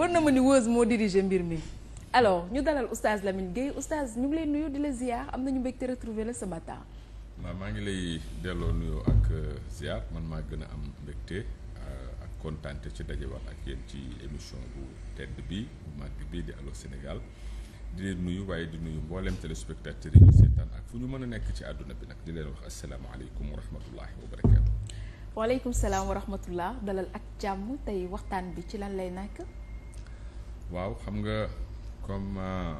war na ma ni Weuz moo dirigé mbir mi. alors ñu dalal oustaz Lamine Gueye oustaz ñu mu lay nuyu di la ziar am nañu mbégte retrouver la ce matin. waaw maa ngi lay delloo nuyoo ak euh, ziar man maa gën a am mbégte euh, ak kontaante ci dajewaat ak yéen ci émission bu tedd bi bu màgg bi di Allô Sénégal di leen nuyu waaye di nuyu mboolem téléspectateurs yi ñu seetaan ak fu ñu mën a nekk ci àdduna bi nag di leen wax asalaamaaleykum wa rahmatullahi wa barakaatu. waaleykum salaam wa rahmatullah dalal ak jàmm tey waxtaan bi ci lan lay nekk. waaw xam nga comme euh,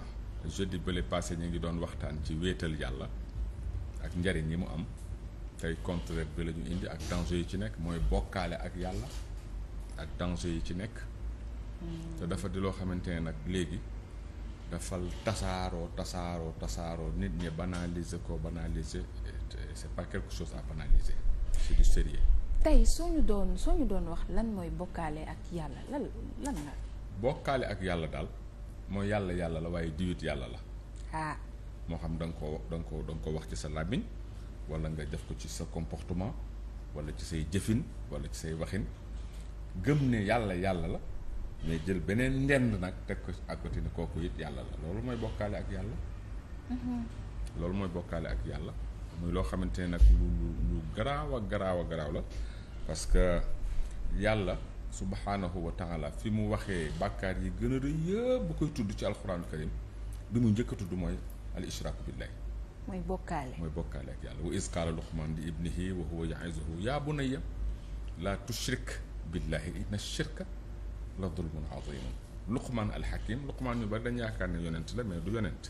jeudi bële passé ñi ngi doon waxtaan ci wéetal yàlla ak njariñ yi mu am tey contraire bi la indi ak danger yi ci nekk mooy bokkaale ak yàlla ak danger yi ci nekk hmm. te dafa di loo xamante ne nag léegi defal tasaaroo tasaaroo tasaaroo nit ñi banaliser ko banaliser c'est pas quelque chose à banaliser c'est du sérieux tey soo ñu doon soo ñu doon wax lan mooy bokkaale ak yàlla lan lan la bokkaale ak yàlla daal mooy yàlla yàlla la waaye diwit yàlla la ah moo xam da nga ko danga ko da ko wax ci sa làmmiñ wala nga def ko ci sa comportement wala ci say jëfin wala ci say waxin gëm ne yàlla yàlla la mais jël beneen ndend nag teg ko à côté ne kooku it yàlla la loolu mooy bokkaale ak yàlla mm-hmm. loolu mooy bokkaale ak yàlla muy loo xamante ne nag lu lu lu garaaw a garaaw a garaaw la parce que yàlla subhaanahu wa taala fi mu waxee bàkkaar yi gën a rëy bu koy tudd ci alxuraanu karim bi mu njëkk a mooy al ishraaku billahi mooy bokkaale mooy bokkaale ak yàlla wa iz qaala luqman li ibnihi wa huwa ya'izuhu yaa bunayya laa tushrik billahi inna shirka la dulmun azimun luqman al hakim luqman ñu bari dañ yaakaar ne yonent la mais du yonent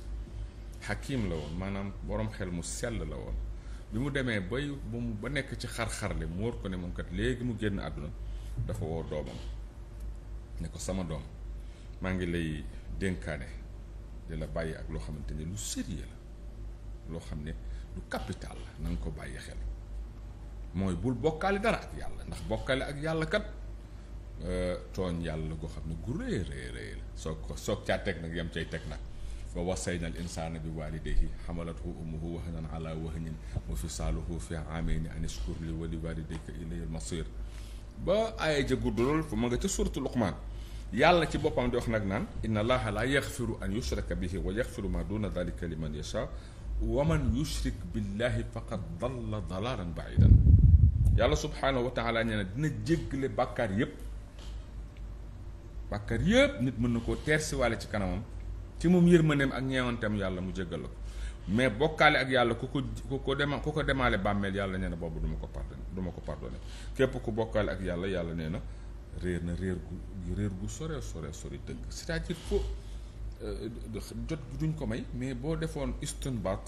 hakim la woon maanaam boroom xel mu sell la woon bi mu demee bay ba mu ba nekk ci xar-xarle mu war ko ne moom mu génn àdduna dafa woo doomam ne ko sama doom maa ngi lay dénkaane di bàyyi ak loo xamante ne lu sérieux la loo xam ne lu capital la na ko bàyyi xel mooy bul bokkaale dara ak yàlla ndax bokkaale ak yàlla kat euh, tooñ yàlla goo xam ne gu rëy rëy rëy la soo ko soog caa teg nag yam cay teg nag wa wassayna al insaana bi waalidayhi xamalathu ummuhu waxnan ala waxnin wa fisaaluhu fi aameyni an ishkur li wa li waalidayka ilayal masiir ba aaya ja gudd fa ma nga ca suratu luqmaan yàlla ci boppam di wax nag naan inna allaha la yaxfiru an yushraka bihi wa yaxfiru ma duna dalika liman yasha wa man yushrik billahi faqad dalla dalalan baidan yàlla subhaanahu wa taala nee na dina jéggale bàkkaar yépp bàkkaar yépp nit mën na koo teer siwaale ci kanamam ci moom yërmandeem ak ñeewanteem yàlla mu jéggal la ko mais bokkaale ak yàlla ku ko ku ko dema ku ko demaale bàmmeel yàlla nee na boobu ko pardonné du ma ko pardonné képp ku bokkaale ak yàlla yàlla nee na réer na réer gu réer gu sore sore sore dëgg c'est-à-dire euh, jot duñ ko may mais boo defoon istinbaat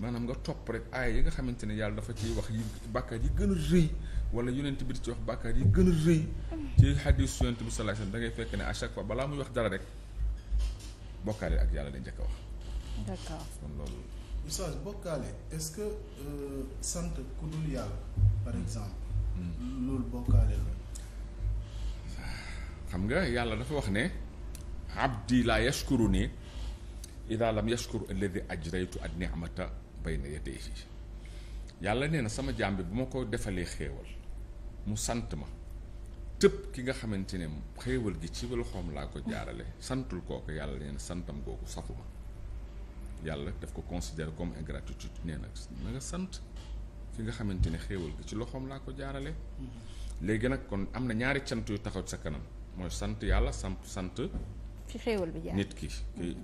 maanaam nga topp rek aaya yi nga xamante ne yàlla dafa ciy wax yi bàkkaar yi gën a rëy wala yonent bi di ci wax bàkkaar yi gën a ci xadiis yonent bi sallallahu da ngay fekk ne à chaque balaa muy wax dara rek bokkaale ak yàlla dañ njëkk a wax Oustaz bokkaale est-ce que euh, sant ku dul yàlla par hmm. exemple. Hmm. loolu bokkaale la. xam nga yàlla dafa wax ne. abdi laa yashkuru ni ida lam yashkur alladi ajraytu ad ni'mata bayna yadayhi yàlla nee na sama jaam bi bu ma ko defalee xéewal mu sant ma tëb ki nga xamante ne xéewal gi ci loxoom laa ko jaarale santul kooku yàlla nee santam googu safu yàlla daf ko considère comme ingratitude nee na na nga sant fi nga xamante ne xéewal gi ci loxoom laa ko jaarale mm-hmm. léegi nag kon am na ñaari cant yu taxaw sa kanam mooy sant yàlla samp sant fi xéewal bi jaar nit ki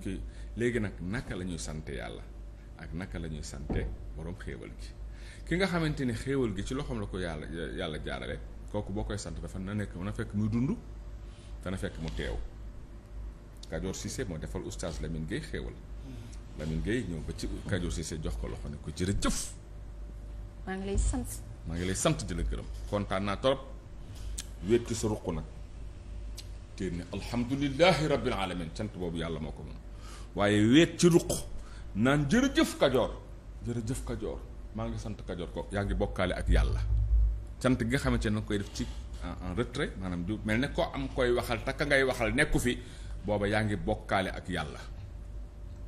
ki léegi nag naka la ñuy sante yàlla ak naka lañuy ñuy sante borom xéewal gi ki nga xamante ne xéewal gi ci loxoom la ko yàlla yàlla jaarale kooku boo koy sant dafa na nekk a fekk muy dund dana fekk mu teew Kajoor Cissé moo defal oustaz Lamine Gueye xéewal mm-hmm. Lamine Gueye ñëw ba ci Kajoor Cissé jox ko loxo ne ko jërëjëf. maa ngi lay sant. maa ngi lay sant di la gërëm kontaan naa torop wéet ci sa ruq nag te ne alhamdulilahi rabbil alamin sant boobu yàlla moo ko moom waaye wéet ci ruq naan jër jëf Kajoor jërëjëf Kajoor maa ngi sant Kajoor ko yaa ngi bokkaale ak yàlla sant gi nga xamante ne koy def ci en retrait maanaam du mel ne ko am koy waxal takka ngay waxal nekku fi booba yaa ngi bokkaale ak yàlla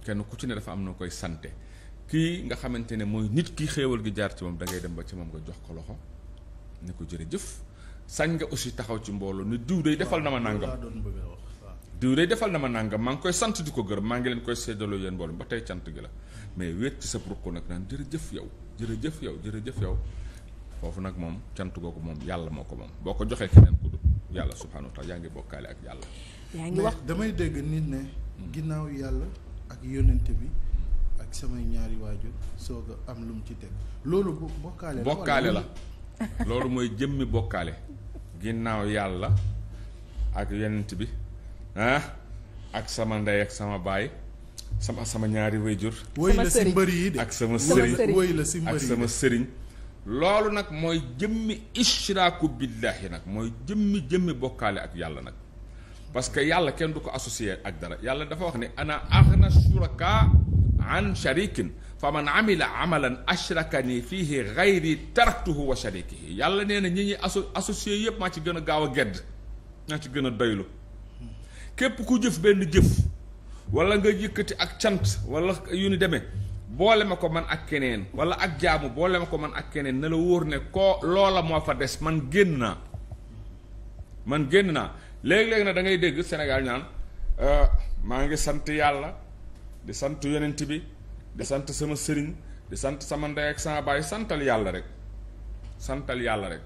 kenn ku ci ne dafa am na koy sante kii nga xamante ne mooy nit ki xéewal gi jaar ci moom da ngay dem ba ci moom nga jox ko loxo ne ko jëf sañ nga aussi taxaw ci mbooloo ne diw day defal na ma nàngam diw day defal na ma nàngam maa ngi koy sant di ko gërëm maa ngi leen koy séddaloo yéen mbooloo ba tey cant gi la mais wéet ci sa ko nag naan jërëjëf yow jërëjëf yow jërëjëf yow foofu nag moom cant googu moom yàlla moo ko moom boo ko joxee keneen ku dul yàlla subhanahu wa taala yaa ak yàlla yaa ak bi ak samay ñaari waajur soog a am lu mu ci teg loolu bokkaale la loolu mooy jëmmi bokkaale ginnaaw yàlla ak yónnent bi ah ak sama ndey ak sama baay sama sama ñaari waajur woy la si mbër yi de ak sama ak sama sëriñ loolu nag mooy jëmmi ishraaku billaahi nag mooy jëmmi jëmmi bokkaale ak yàlla nag parce que yàlla kenn du ko associé ak dara yàlla dafa wax ne ana aghna shuraka an sharikin fa man amila amalan ashrakani fiihi ghayri taraktuhu wa sharikihi yàlla nee na ñi ñuy asso associé yëpp maa ci gën gaaw a gedd maa ci gën a doylu képp ku jëf benn jëf wala nga yëkkati ak cant wala yu ni demee boole ma ko man ak keneen wala ak jaamu boole ma ko man ak keneen na la wóor ne koo loola moo fa des man génn naa man génn naa léegi-léegi nag da ngay dégg Sénégal ñaan ah, maa ngi sant yàlla di sant yonent bi di sant sama sëriñ di sant sama ndey ak sama baay santal yàlla rek santal yàlla rek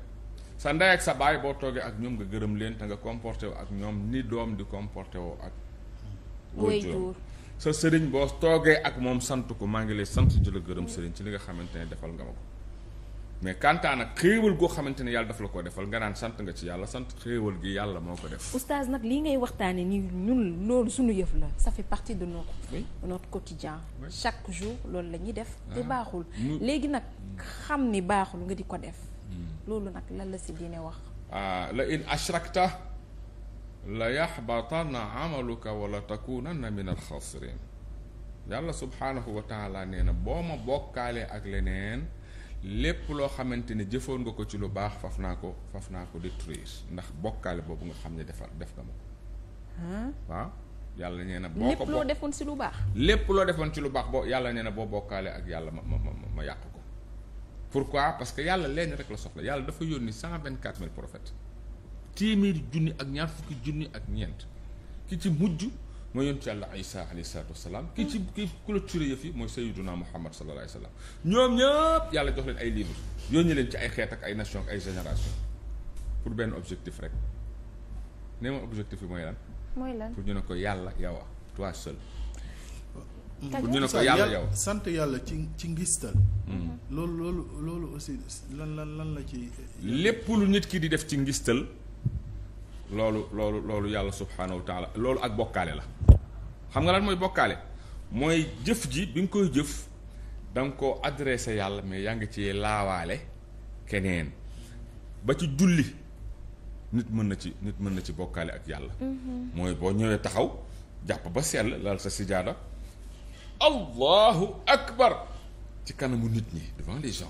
sa ndey ak sa baay boo toogee ak ñoom nga gërëm leen te nga comporté woo ak ñoom ni doom di comporté woo ak wayjur sa sëriñ boo toogee ak moom sant ko maa ngi lay sant di la gërëm sëriñ ci li nga xamante ne defal nga ma ko mais kantaan nag xéewal goo xamante ne yàlla daf la ko defal nga naan sant nga ci yàlla sant xéewal gi yàlla moo ko def. oustaz nag lii ngay waxtaanee nii ñun loolu suñu yëf la ça fait partie de notre. Oui. notre quotidien chaque jour loolu la def. te ah. baaxul léegi nag xam ni baaxul nga di ko def. Hmm. loolu nag lan la si diine wax. Ah, la in ashrakta la yaxbatanna amaluka wala takunanna min alxasirin yàlla subhaanahu wa taala nee na boo ma bokkaalee ak leneen. lépp loo xamante ne jëfoon nga ko ci lu baax faf naa ko faf naa ko détruire ndax bokkaale boobu nga xam ne defar def nga ma ko waaw yàlla nee na boo ko lépp loo defoon ci lu baax lépp loo defoon ci lu baax boo yàlla nee na boo bokkaale ak yàlla ma ma ma yàqu ko pourquoi parce que yàlla leen rek la soxla yàlla dafa yónni cent vingt quatre mille prophètes téeméeri junni ak ñaar fukki junni ak ñeent ki ci mujj mooy ci yàlla Isa alayhi salaatu wasalaam ki ci ki clôturé yëf yi mooy Sayyiduna Muhammad sallallahu alayhi wasallam ñoom ñëpp yàlla jox leen ay livre ñu leen ci ay xeet ak ay nation ak ay génération pour benn objectif rek nee objectif bi mooy lan. mooy pour ñu ne ko yàlla yow a seul. pour ñu ne ko yàlla yow sant yàlla ci ci ngistal. Hmm. loolu loolu loolu aussi lan lan lan la ci. lépp lu nit ki di def ci ngistal. loolu loolu loolu yàlla subhaanahu wa loolu ak bokkaale la xam nga lan mooy bokkaale mooy jëf ji bi nga koy jëf da nga koo yàlla mais yaa ngi ci laawaale keneen ba ci julli nit mën na ci nit mën na ci bokkaale ak yàlla mm-hmm. mooy boo ñëwee taxaw jàpp ba sell lal sa sijaada allahu akbar ci kanamu nit ñi devant les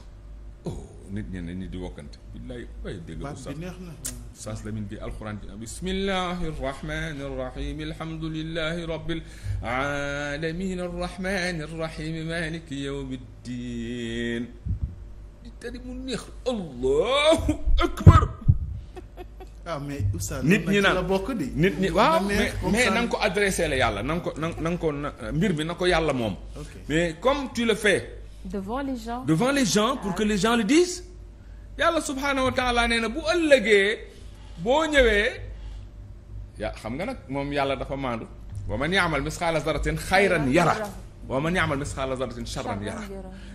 nit ñeneen ñi di wokkante billaay way dégg oustaz bi alquran bi bismillahi arrahmani arrahim alhamdulillahi rabbil alamin arrahmani arrahim maliki yawmiddin di tari mu neex allahu akbar waaw ah, mais oustaz nit ñi naan la bokk di nit ñi waaw mais mais na nga ko la yàlla na nga ko na mbir bi na ko yàlla moom mais comme tu le fais devant les gens devant les gens pour que les gens le disent yàlla subhaanahu wa taala nee na bu ëllëgee boo ñëwee ya xam nga nag moom yàlla dafa maandu wa man yaamal misqaala zaratin xayran yara wa man yaamal misqaala zaratin charran yara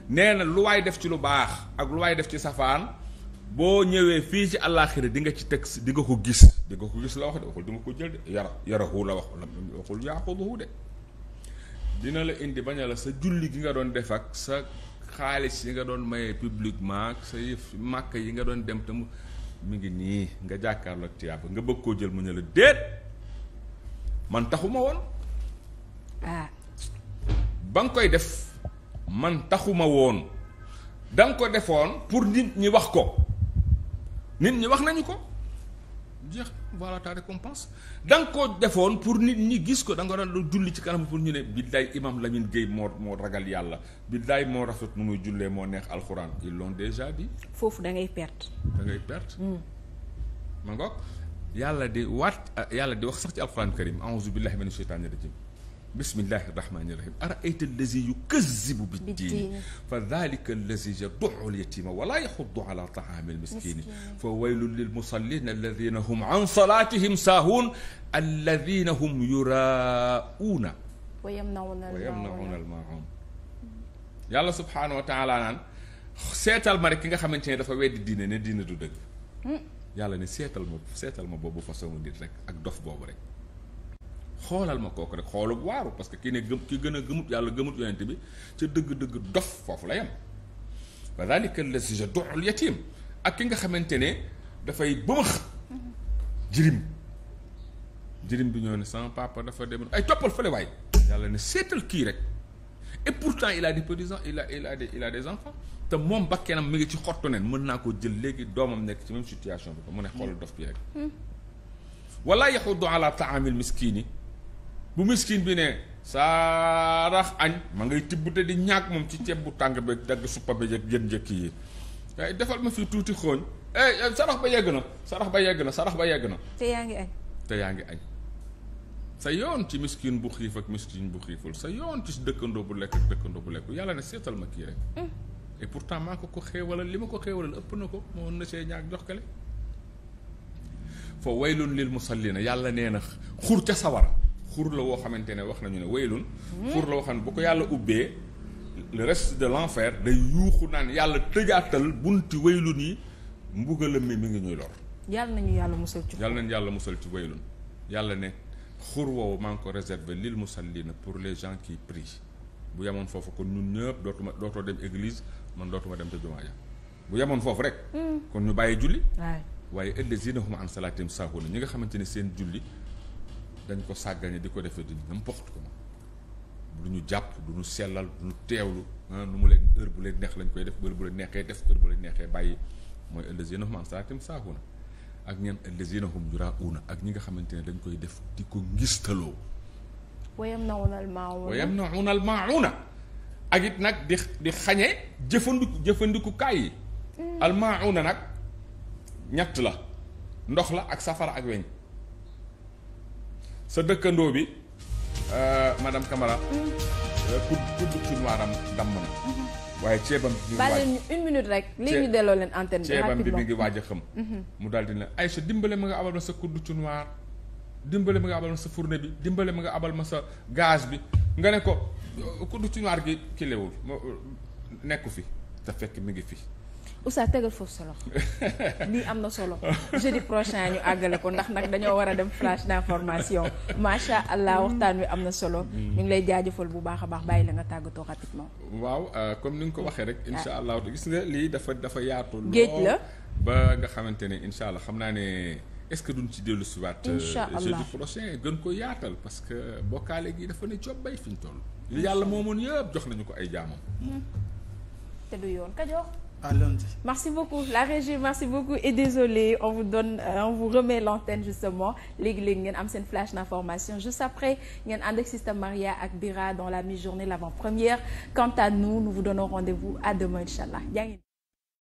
nee na lu waay def ci lu baax ak lu waay def ci safaan boo ñëwee fii ci àllaaxira di nga ci teg si nga ko gis di nga ko gis la wax de waxul di nga ko jël de yara yarahu la wax waxul yaaxuduhu de dina la indi bañala sa julli gi nga doon def ak sa xaalis yi nga doon maye publiquement ak sa yëf màkk yi nga doon dem te mu ngi nii nga jàkkaarloo ak tiyaaba nga bëgg koo jël mu ne déet man taxuma woon ah. ba nga koy def man taxuma woon danga ko defoon pour nit ñi wax ko nit ñi wax nañu ko jeex voilà ta récompense da nga ko defoon pour nit ñi gis ko da nga doon julli ci kanam pour ñu ne billaay imam Lamine géey moo moo ragal yàlla billaay moo rafet nu muy jullee moo neex alxuraan ils l'ont déjà dit. foofu da ngay perte. da ngay perte. Hmm. ma ngoog yàlla di waat yàlla di wax sax ci alxuraan karim a'uzu billahi minash shaytaani rajim bismillahi irrahmani irrahim ara ayta allazi yukazibu biddiini fa dalika allazi yaduxu alyatima wala yaxudu ala taami almiskini fa waylun lilmusallin alladina hum an salatihim saahuun alladina hum yuraauuna wa yamnauna almaaun yàlla subhaanahu wa taala naan seetal ma rek ki nga xamante ne dafa weddi diine ne diine du dëgg hmm. yàlla ne seetal ma seetal ma boobu façon nit rek ak dof boobu rek xoolal ma kooku rek xoolub waaru parce que ki ne gëm ki gën a gëmut yàlla gëmut yonent bi ca dëgg-dëgg dof foofu la yem wa dalika allazi yadul yatim ak ki nga xamante ne dafay bëmëx jirim bi ñoo ne sama papa dafa dem ay toppal fële waay yàlla ne kii rek et pourtant il a des petits il a il a des moom bakkenam mi ngi ci xottu nen mën naa ko jël léegi doomam nekk ci même situation bi ko mu ne xoolal dof bi rek hmm. wala yaxuddu ala taamil miskini bu miskin bi ne saarax añ ma ngay tibb te di ñaak moom ci ceeb bu tàng be dagg suppa be jeg jën njëkk yi waaye defal ma fi tuuti xooñ eh, eh sarax ba yegg na sarax ba yegg na sarax ba yegg na te yaa ngi añ sa yoon ci miskin bu xiif ak miskin bu xiiful sa yoon ci dëkkandoo bu lekk ak dëkkandoo bu lekk yàlla ne seetal ma kii rek mm. et pourtant maa ko ko xéewalal li ma ko xéewalal ëpp na ko moo na see ñaak jox kale mu waylun lii na yàlla nee na xur ca sawara xur la woo xamante ne wax nañu ne waylun xur la woo xam ne bu ko yàlla ubbee le reste de l'enfer day yuuxu naan yàlla tëjaatal bunti waylun yi mbugalam mi mi ngi ñuy lor yàlla nañu yàlla musal ci yàlla nañu yàlla musal ci waylun yàlla ne xur woowu maa ngi ko réservé lil na pour les gens qui prient bu yemoon foofu kon ñun ñëpp dootuma dootoo dem église man dootuma dem te jumaa ja bu yemoon foofu rek hmm. kon ñu bàyyi julli waaye alladina hum an salaatihim saahuuna ñi nga xamante ne seen julli dañ ko sàggane di ko defee di n'importe comment du ñu jàpp du ñu sellal du ñu teewlu ah, nu mu leen heure bu leen neex lañ koy def heure bu leen neexee def heure bu leen neexee bàyyi mooy allaziina hum an salaatim saahuuna ak ñeen allaziina hum yuraa'uuna ak ñi nga xamante ne dañ koy def di ko ngistaloo. wa yamna'uuna al-maa'uuna wa yamna'uuna al-maa'uuna ak nag di di xañe jëfandiku jëfandikukaay yi. Mm. al-maa'uuna nag ñett la ndox la ak safara ak weñ. sa dëkkandoo bi euh, madame Camara. Euh, ku ku cuunwaaram damm na. Mhm. waaye ceebam bi mi ngi waaj rek léegi ñu leen antenne bi mi ngi waaj a xëm. Mhm. mu daal di ay sa dimbale ma nga abal ma sa kuddu cu dimbale ma nga abal ma sa fourne bi dimbale ma nga abal ma sa gaz bi nga ne ko kuddu cu gi kilewul nekku fi te fekk mi ngi fi. Oustaz tegal foofu solo lii am na solo jeudi prochain ñu àggale ko ndax nag dañoo war a dem flash d'information macha allah waxtaan wi am na solo. Mm. ñu ngi lay jaajëfal bu baax a baax bàyyi la nga tàggatoo rapidement. waaw euh, comme ni nga ko waxee rek. Ah. incha allah gis nga lii dafa dafa yaatu. géej la ba nga xamante ne incha allah xam naa ne. est-ce que duñ ci dellu si waat euh, jeudi prochain gën ko yaatal parce que bokkaale gi dafa ne job bay fi ñu toll yàlla moomoon yëpp jox nañu ko ay jaamam hmm. À lundi. Merci beaucoup la régie merci beaucoup et désolé on vous donne euh, on vous remet l'antenne justement léegi-léegi ngeen am seen flash d'information juste après ngeen ànd ak Sista Maria ak Bira dans la mi l l'avant-première quant à nous nous vous donnons rendez-vous à demain inchallah